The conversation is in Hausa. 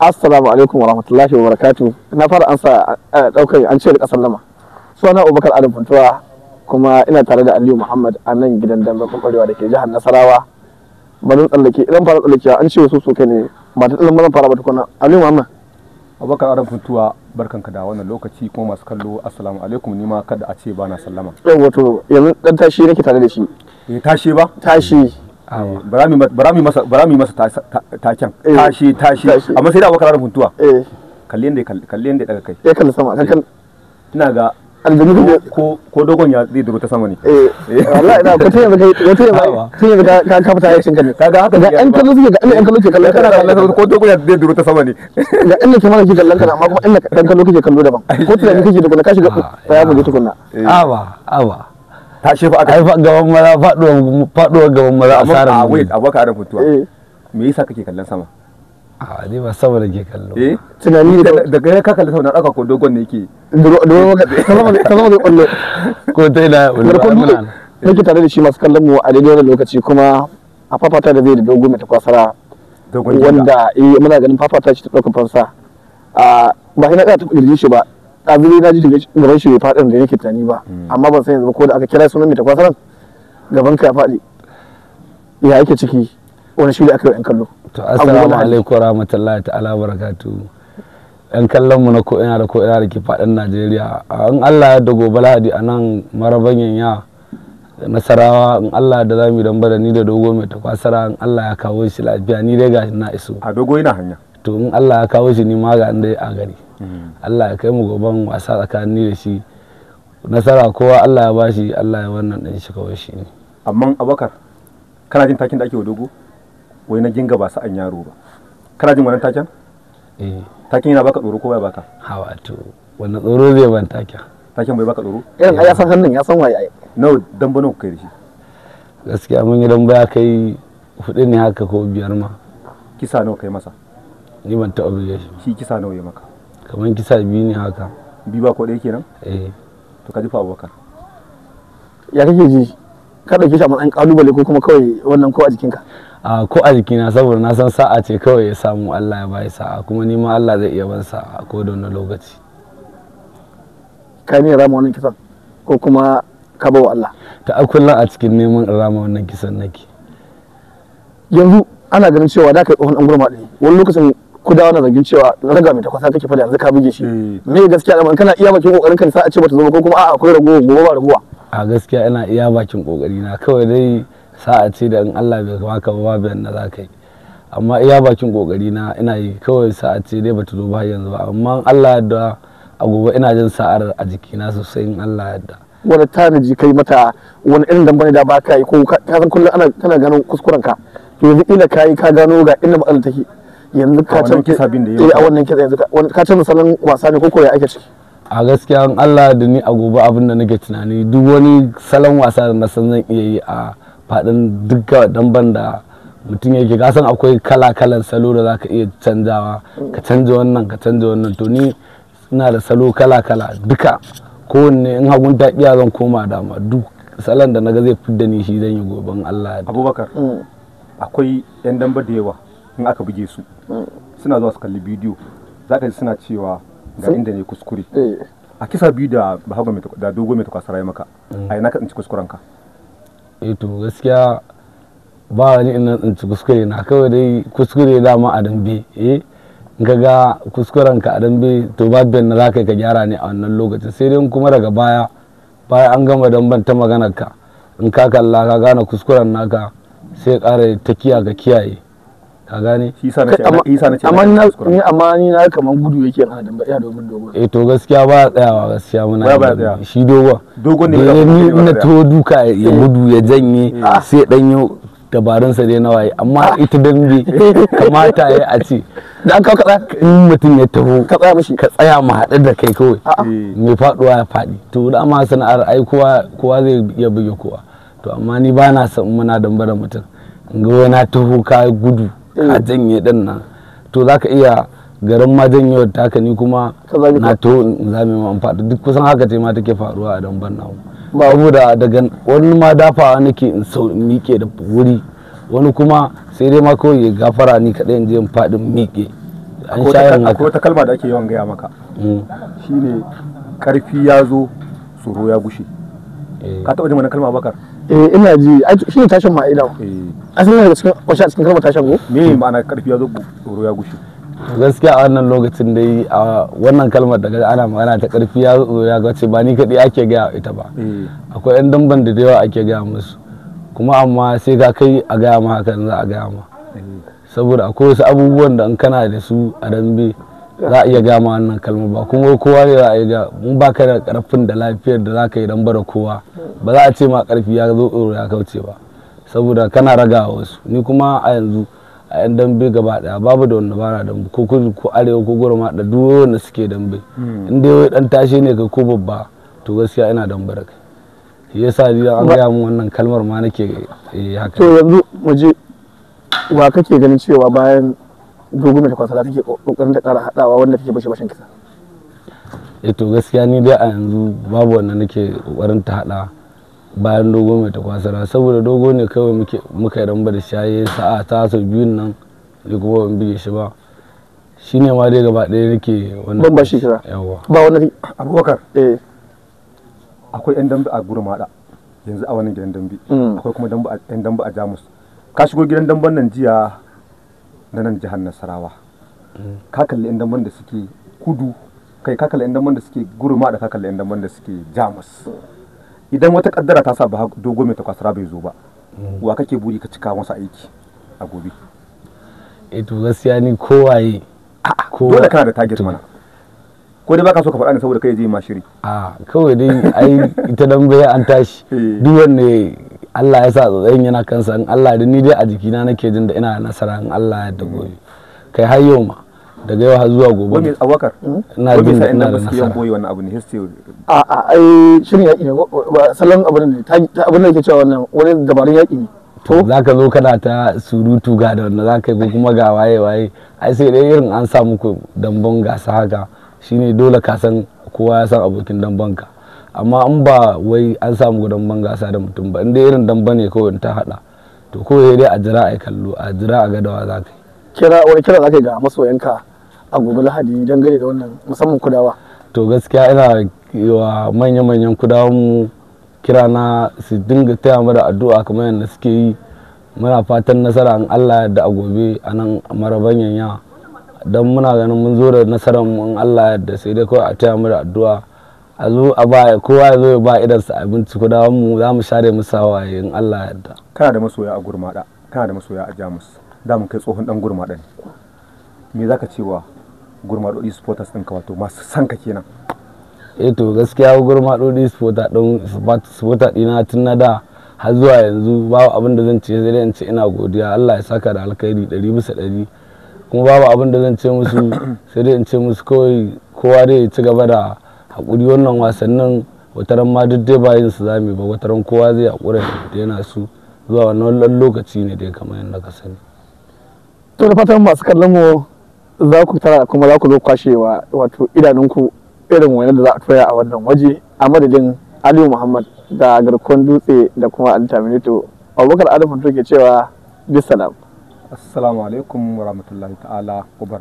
Assalamu alaikum wa rahmatullahi wa barakatu. Na fara ansa ɗaukar an ce da ƙasar lama. Suna Abubakar Adam Fantuwa kuma ina tare da Aliyu Muhammad a nan gidan dambe kwakwarewa da ke jihar Nasarawa. Bani tsallake idan fara tsallake an ce wasu su ne ba ta tsallan fara ba tukuna. Aliyu Muhammad. Abubakar Adam barkan ka da wannan lokaci kuma masu kallo assalamu alaikum ni ma kada a ce ba na sallama. Yau wato yanzu ɗan tashi nake tare da shi. Eh tashi ba? Tashi. bara mu masa taken tashi tashi amma sai da abokan ranar huntuwa eh. kalli ya kalli yanda daga kai ya kalli sama kankan ina ga aljanu ko ko dogon ya zai duro ta sama ne eh, eh. wallahi ina ko tayi maka ko tayi maka tayi maka ka ka fita yakin ka ne kaga haka ga an kallo suke ga an kallo ke kallon kana kallon ko dogon ya zai duro ta sama ne ga an ke mara ke kallon kana amma kuma an kallo kake kallo daban ko tunani kake da kuma ka shiga fa ah, ya mu ji tukunna eh. awa awa ta shefa aka haifa gaban maza faduwa faduwa gaban maza asaran mu wait abaka adam fituwa eh. me yasa kake kallon sama a ni ba sama da ke kallo eh tunani da gare ka kallon sama na dauka ko dogon ne yake dogon ta zama ta zama kullu ko dai na ulama nake tare da shi masu kallon mu a daidai wannan lokaci kuma a fafata da zai da dogo mai takwasara wanda eh muna ganin fafata shi ta dauka fansa a ba ina da ta kirji shi ba ɗazuri na ji gaban shi bai faɗin da yake tunani ba hmm. amma ban san yanzu ba ko da aka kira sunan mai nan gaban ka ya faɗi ya yake ciki wani shi da aka yi yan kallo. to assalamu alaikum rahmatullahi ta'ala barakatu yan kallon mu na ko ina da ko ina da ke faɗin najeriya in allah ya da gobe lahadi a nan maraban yanya nasarawa in allah da mu yi dambara da ni da dogo mai takwasara in allah ya kawo shi lafiya ni dai ga na iso a dogo ina hanya to in Allah ya kawo shi ni ma ga inda a gari mm. Allah ya kai mu goban wasa tsakanin da shi nasara kowa Allah ya bashi Allah ya wannan din shi kawai shi ne amma abakar kana jin takin da ake wa dogo wai na ginga ba sa'an yaro ba kana jin wannan takin eh takin yana baka tsoro ko bai baka ha to wannan tsoro zai ban takin takin bai baka tsoro irin ai ya san hannun ya san waye nawa damba nawa kai da shi gaskiya mun yi dan baya kai hudu ne haka ko biyar ma kisa nawa kai masa ni ban taɓa shi shi kisa nawa ya maka kamar kisa biyu ne haka biyu ba ko ɗaya kenan eh to ka jifa abubakar ya kake ji ka ɗauke shi a matsayin ƙalubale ko kuma kawai wannan ko a jikinka a ko a jikina saboda na san sa'a ce kawai ya samu Allah ya bai sa'a kuma ni ma Allah zai iya ban sa'a ko da wani lokaci ka ne rama wannan kisan ko kuma ka bawa Allah ta a a cikin neman rama wannan kisan nake yanzu ana ganin cewa da ka tsohon ɗan gurma ɗaya wani lokacin ku dawo na zargin cewa raga mai takwasa take fada yanzu ka buge shi eh. me gaskiya da kana iya bakin kokarin ka sa a ce bata zo ba ko kuma a'a akwai ragowa gobe ba ragowa a gaskiya ina iya bakin kokari na kawai dai a ce da in Allah bai maka ba babu na za ka yi amma iya bakin kokari na ina yi kawai a ce dai bata zo ba yanzu ba amma Allah da a gobe ina jin sa'ar a jikina sosai in Allah yadda wani tanaji kai mata wani irin dambani da ba ka yi ko ka san kullum ana tana ganin kuskuren ka to yanzu ina ka yi ka gano ga inda matsalar take yanzu ka can kisa bin da yi eh, a wannan kisa yanzu ka can salon wasa ne koko ya ake ciki a gaskiya an Allah da ni a gobe abin da nake tunani duk wani salon wasa da na san zan iya yi a fadin dukkan damban da mutum yake ka akwai kala kalan salo da zaka iya canjawa ka canja wannan ka canja wannan to ni ina da salo kala kala duka kowanne in hagun ta iya zan koma dama duk salon da naga zai fidda ni shi zan yi goben Allah abubakar mm. akwai yan damba da yawa in aka buge su suna zuwa su kalli bidiyo za ka ji suna cewa ga inda ne kuskure eh. a kisa biyu da bahago da dogo mai takwasara rai maka mm. a yana ka tsinci kuskuren ka eh to gaskiya ba wani ina tsinci kuskure na kawai dai kuskure dama a dambe eh ka ga kuskuren ka a dambe to babin na zaka ka gyara ne a wannan lokacin sai dai kuma daga baya bayan an gama damban ta maganar ka in ka kalla ka gane kuskuren naka sai kara ta kiyaye ka kiyaye ka gane amma ni amma ni na kaman gudu yake na da ya dogon dogon eh to gaskiya ba tsayawa gaskiya muna ba shi dogon dogon ne ya eh, ni na to duka ya gudu ya janye ah. sai dan yau sa dai nawa yi amma ah. ita dambe kamata ya a ce da an kawo in mutum ya taho ka tsaya mishi ka tsaya mu haɗu da kai kawai ah, eh. mai faɗuwa ya faɗi to da ma sana'ar ai kowa kowa zai iya buge kowa to amma ni ba na son muna damba da mutum in ga wani taho ka gudu a eh. janye din nan to za ka iya garin ma janyewar taka ni kuma na to za mu ma faɗi duk kusan haka ce ma take faruwa a dan ban nawo da daga wani ma dafawa nake in sau in miƙe da wuri wani kuma sai dai ma kawai ya gafara ni kaɗai in je in faɗi miƙe an sha yin haka wata kalma da ake yawan gaya maka hmm. shine karfi ya zo tsoro ya gushe eh. ka taɓa jin wani kalma bakar eh ina ji shine tashin ma'ida eh. asalin daga cikin kwashe a cikin karbar tashan go me ma'ana karfi ya zo tsoro ya gushe gaskiya a wannan lokacin dai a wannan kalmar daga ana magana ta karfi ya zo ya gace ba ni kadai ake gaya ita ba eh. akwai yan damban da yawa ake gaya musu kuma amma sai ka kai a gaya ma hakan za a gaya ma eh. saboda akwai wasu abubuwan da in kana da su a dambe za a iya gaya gama wannan kalmar ba kuma kowa ne za a iya ga mun ba ka da karfin da lafiyar da za ka yi dan bara kowa ba za a ce ma karfi ya zo tsoro ya kauce ba saboda kana raga wasu ni kuma a yanzu a yan dambe gaba daya babu da wanda bana dambe ko kudu ko arewa ko ma da duk wanda suke dambe hmm. in dai wai dan tashi ne ka ko babba to gaskiya ina dambe da kai shi yasa ni an gaya mun wannan kalmar ma nake eh, haka to yanzu mu je wa kake ganin cewa bayan dogon da kwasa take kokarin da kara hadawa wanda take bashi bashin kisa eh to gaskiya ni dai a yanzu babu wanda nake kokarin ta hada bayan dogo mai takwasara saboda dogo ne kawai muka ramba da shaye sa'a ta su biyun nan da kuma ban bige shi ba shi ne ma dai gaba ɗaya nake wannan ban ba shi kira ba wani abubakar eh akwai yan dambe a gurmada yanzu a wani gidan dambe mm. akwai kuma yan dambe a jamus ka shigo gidan damben nan jiya na nan jihar nasarawa mm. ka kalli yan damben da suke kudu kai ka kalli yan damben da suke gurmada ka kalli yan damben da suke jamus idan wata kaddara ta sa ba dogo mai takwasara bai zo ba wa kake buri ka cika masa aiki a gobe eto eh gaskiya ni kowaye dole kana da target mana ko dai baka so ka faɗa ne saboda kai je ma shiri a kawai dai ai ita dan bai an tashi eh. duk wanne Allah ya sa tsatsayin yana kansa in Allah da ni dai a jikina nake jin da ina nasara in Allah ya da mm. kai har yau ma daga yau har zuwa gobe wani abubakar ina jin da ina da nasara koyi wannan abu ne history a a ai shirin yaki ne salon abu ne ta abin da yake cewa wannan wani dabarun yaki ne to zaka zo kana ta surutu ga da wannan zaka yi kuma ga waye waye ai sai dai irin an samu ku dambon gasa haka shine dole ka san kowa ya san abokin dambon ka amma an ba wai an samu dambon gasa da mutum ba inda irin dambon ne kawai ta hada to kawai dai a jira a kallo a jira a gadawa za ka yi kira wani kira za ka yi ga masoyanka a gobe lahadi dangane da wannan musamman kudawa to gaskiya ina wa manya-manyan kudawan mu kira na su dinga taya mu da addu'a kamar yadda suke yi muna fatan nasara in Allah da a gobe a nan maraban yanya don muna ganin mun zo da nasarar mu in Allah da sai dai kawai a taya mu da addu'a a zo a ba kowa ya zo ya ba idansa abinci kudawan mu za mu share musu hawaye in Allah yadda. kana da masoya a gurmada kana da masoya a Jamus da mun kai tsohon dan gurmada ne me zaka cewa gurmadodi supporters ka wato masu sanka kenan eh to gaskiya gurmadodi supporter din supporter ɗina tun na da har zuwa yanzu babu abin da zan ce sai dai in ce ina godiya Allah ya saka da alkhairi ɗari bisa ɗari kuma babu abin da zan ce musu sai dai in ce musu kawai kowa dai ya ci gaba da haƙuri wannan wasannin wataran ma duk dai bayin su zami ba wataran kowa zai haƙura da yana su zuwa wannan lokaci ne dai kamar yadda ka sani to da fatan masu kallon mu za ku tara kuma za ku zo kwashe wa wato idanunku irin wani da za a tura a wannan waje a madadin aliyu muhammad da garkuwar dutse da kuma altaminito abubakar adamu ke cewa bisalam assalamu alaikum rahmatullahi ta'ala